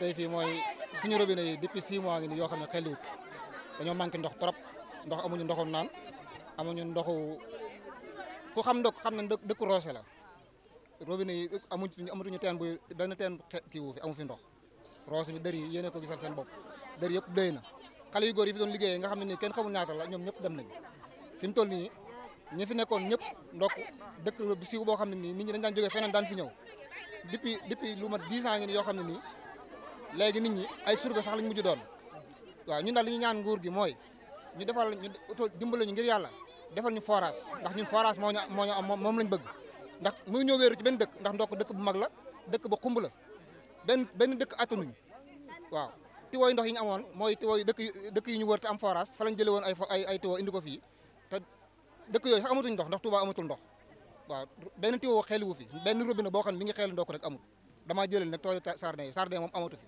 tey fii mooy suñu robinet yi depuis 6 mois ngi nii yoo xam ne xeliwut dañoo manqué ndox trop ndox amuñu ndoxu naan amuñu ndoxu ku xam ndox xam ne dëkku roose la robinet yi amuñ amatuñu teen bu benn teen kii wu fi amu fi ndox roose bi dër yi yéene ko gisal seen bopp dër yëpp dëy na xale yu góor nga xam ne nii kenn xamul ñaata la ñoom ñëpp dem nañu fi mu toll nii ñi fi nekkoon ñëpp ndokk dëkk bu siiw boo xam ne nii nit ñi dañ daan jógee feneen daan fi ñëw depuis depuis lu mat 10 ans ngi yoo xam ne nii léegi nit ñi ay surga sax lañ mujj doon waaw ñun daal li ñu ñaan nguur gi mooy ñu defal ñu dimbale ñu ngir yàlla defal ñu forage ndax ñun forage moo ñu moo ñu am moom lañ bëgg ndax muy ñëw wéeru ci benn dëkk ndax ndokk dëkk bu mag la dëkk ba xumb la benn benn dëkk attanuñ waaw tiwo yi ndox yi amoon mooy tiwo yi dëkk yi ñu wër te am forage fa lañ jëlee woon ay ay ay tiwo indi ko fii te dëkk yooyu sax amatuñ ndox ndax Touba amatul ndox waaw benn tiwo xeeli wu fi benn robinet boo xam ne mi ngi xeeli ndokk rek amul damaa jëlee nag toolu sardin yi sardin moom amatu fi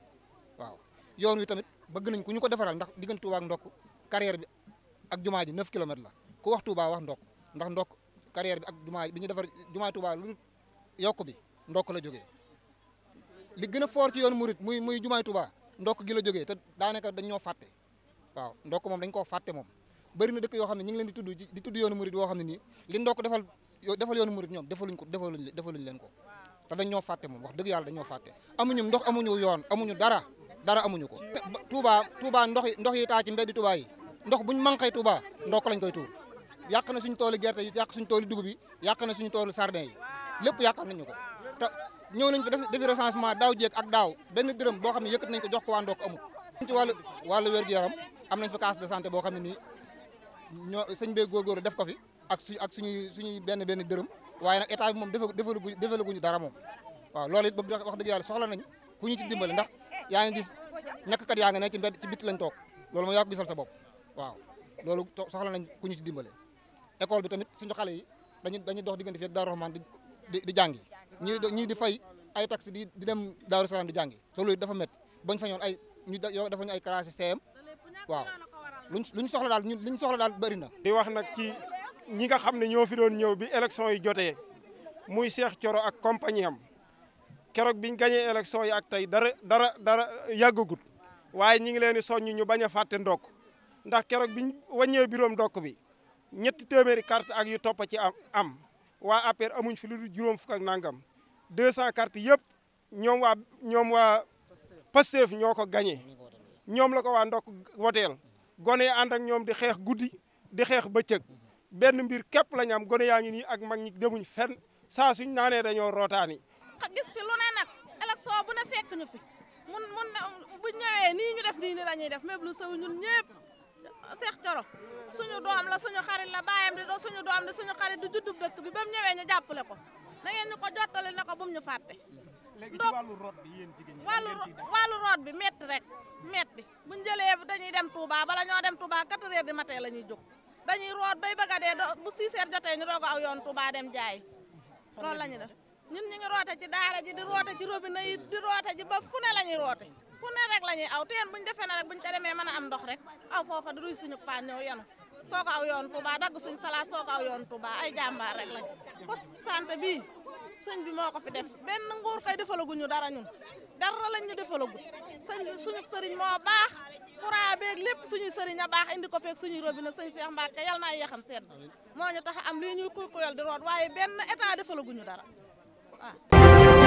yoon wi tamit bëgg nañ ku ñu ko defaral ndax diggante Touba ak ndokk carrière bi ak jumaa ji 9 kilomètres la ko wax Touba wax ndokk ndax ndokk carrière bi ak jumaa bi ñu defar jumaa Touba bi ndokk la jógee li gën a fort ci yoon murit muy muy jumaay Touba ndokk gi la jógee te daanaka dañ ñoo fàtte waaw ndokk moom dañ koo fàtte moom bëri na dëkk yoo xam ne ñu ngi leen di tudd di tudd yoonu murit yoo xam ne nii li ndokk defal defal yoonu murit ñoom defaluñ ko defaluñ defaluñ leen ko te dañ ñoo fàtte moom wax dëgg yàlla dañ ñoo fàtte amuñu ndox amuñu yoon amuñu dara dara amuñu ko. Touba Touba ndox yi ndox yi taa ci mbedd yi ndox buñ manqué Touba ndox lañ koy tuur yàq na suñu toolu gerte yi yàq suñu toolu dugub yi yàq na suñu toolu sardin yi lépp yàqal nañu ko te ñëw nañ fi defi recensement daaw jéeg ak daaw benn dërëm boo xam ne yëkkat nañ ko jox ko waa ndokk ci wàllu wàllu wér-gu-yaram am nañ fi de santé boo xam ne nii ñoo sëñ bee góorgóorlu def ko fi ak su ak suñuy suñuy benn benn dërëm waaye nag état bi moom defal defal guñu dara moom waaw loolu it bëgg wax dëgg yàlla soxla nañ ku ñu ci dimbale ndax yaa ngi gis ñàkkkat yaa ngi ne ci mbedd ci bitti lañ toog loolu moo yaa ko gisal sa bopp waaw loolu soxla nañ ku ñu ci dimbale école bi tamit suñu xale yi dañu dañuy dox diggante fi ak Daaru Rahman di di jàngi ñii di ñii di fay ay taxi di dem Daaru Salaam di jàngi loolu dafa métti bañ sañoon ay ñu dafa ñu ay classe CM waaw luñ luñ soxla daal ñun liñ soxla daal bëri na. di wax nag ci ñi nga xam ne ñoo fi doon ñëw bi élection yi jotee muy Cheikh coro ak compagnie keroog biñ gañee élection yi ak tey dara dara dara yàggagut waaye ñi ngi leen di soññ ñu bañ a fàtte ndokk ndax keroog biñ wàññee biroom ndok bi ñetti téeméeri carte ak yu topp ci am waa APR amuñ fi lu juróom fukk ak nangam 200 cartes yëpp ñoom waa ñoom waa Pastef ñoo ko gañee ñoom la ko waa ndok woteel gone ànd ak ñoom di xeex guddi di xeex bëccëg benn mbir képp lañ am gone yaa ngi nii ak mag ñi demuñ fenn saa suñ naanee dañoo rootaani gis fi lu ne nag élection bu ne fekk ñu fi mun mun bu ñëwee nii ñu def nii ni la ñuy def méblu sow ñun ñëpp Cheikh Thioro suñu doom la suñu xarit la baayam di su suñu doom di suñu xarit di juddub dëkk bi ba mu ñëwee ñu jàppale ko na ngeen ñu ko jottali ne ko bu ñu fàtte donc wàllu root bi yéen jigéen ñi wàllu wàllu bi métti rek métti bu ñu jëlee dañuy dem Touba bala ñoo dem Touba 4 heures di matin la ñuy jóg dañuy root bay bëgg a dee bu 6 heures jotee ñu doog a aw yoon Touba dem jaay loolu la ñu def ñun ñu ngi roote ci daara ji di roote ci robinet yi di roote ji ba fu ne la ñuy rek la ñuy aw teen buñ defee na rek buñ ca demee mën a am ndox rek aw foofa duruy suñu paan ñëw yenu soo ko aw yoon Touba dagg suñ salaat soo ko aw yoon Touba ay jàmbaar rek lañ poste santé bii sëñ bi moo ko fi def benn nguur kay defalaguñu dara ñun dara lañ ñu defalagu sëñ bi suñu sëriñ moo baax courant beeg lépp suñu sëriñ a baax indi ko feeg suñu robinet sëñ Cheikh Mbacke yal naa yeexam sedd moo ñu tax am lii ñuy kuy kuyal di root waaye benn état defalaguñu dara ah